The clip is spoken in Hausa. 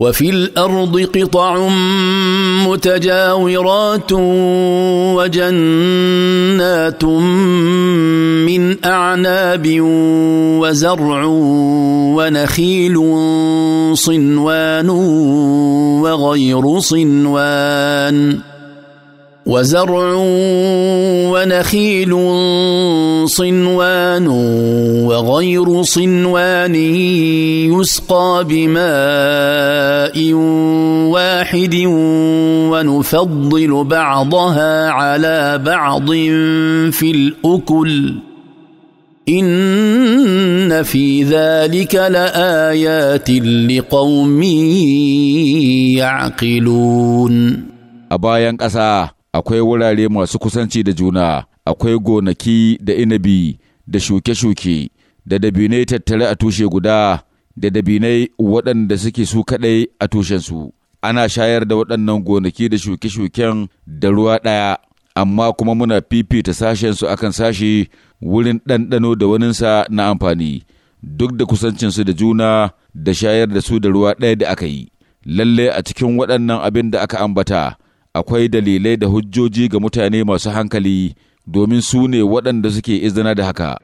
وفي الارض قطع متجاورات وجنات من اعناب وزرع ونخيل صنوان وغير صنوان وزرع ونخيل صنوان وغير صنوان يسقى بماء واحد ونفضل بعضها على بعض في الاكل ان في ذلك لايات لقوم يعقلون ابا bayan akwai wurare masu kusanci da juna, akwai gonaki da inabi da shuke-shuke, da dabinai tattare a tushe guda, da dabinai waɗanda suke su kaɗai a tushensu. Ana shayar da waɗannan gonaki da shuke-shuken da ruwa ɗaya, amma kuma muna fifita sashensu akan sashi wurin ɗanɗano da waninsa na amfani, duk da kusancinsu da juna da shayar da su da ruwa ɗaya da aka yi. Lalle a cikin waɗannan abin da aka ambata. akwai dalilai da hujjoji ga mutane masu hankali domin su ne waɗanda suke izina da haka.